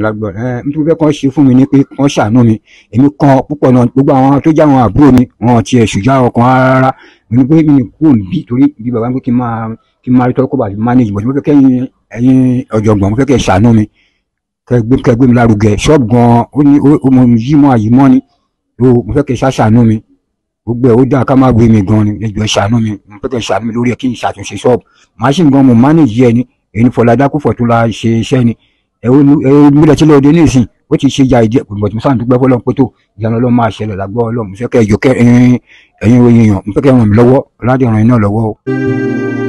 lágbára ẹ nítorí pé kàn ṣe fún mi ni pé kàn ṣàánú mi èmi kan púpọ̀ náà gbogbo àwọn tó já àwọn àbúrò mi wọn ti ẹ̀ ṣùjá ọkàn rárá mi ni pé mi ni kúrò níbí torí bí bàbá mi kí n máa kí n máa rí tọ́kọ̀ bàbá mi manage bọ̀ mo fẹ́ kẹ́yìn ẹ̀yin ọ̀jọ̀gbọ́n mo fẹ́ kẹ́ ṣàánú mi kẹgbẹ́ kẹgbẹ́ mi lárugẹ ṣọ́ọ̀bù gan ó ní ó yí mọ́ àyí mọ́ ni mo fẹ́ kẹ́ ṣàánú mi gbogbo ẹ ó dáa ká má gbé mi gan ni ẹjọ ṣàánú mi mo fẹ́ kẹ́ ṣàánú mi lórí ẹ kí n ṣàtúnṣe ṣọ́ọ̀bù màá gan mo manage yẹ ni èyí ni Fọlá Dákúfọ̀ tó la ṣe iṣẹ́ ni ẹ̀rọ̀mílẹ̀tí lóde ní ìsìn ó ti ṣe ya ìdí ẹ̀pọ̀gbọ̀n tí mo sáà ń dúpẹ́ fọlọ́n pé tó ìyanu ọlọ́run máa ṣẹlẹ̀ lágbọ́ ọlọ́run mo fẹ́ kẹ́ ẹ̀yọ́ kẹ́ ẹ̀yin ẹ̀yin oyè yàn mo fẹ́ kẹ́ ràn mí lọ́wọ́ ọ̀làdìrán iná lọ́wọ́ o.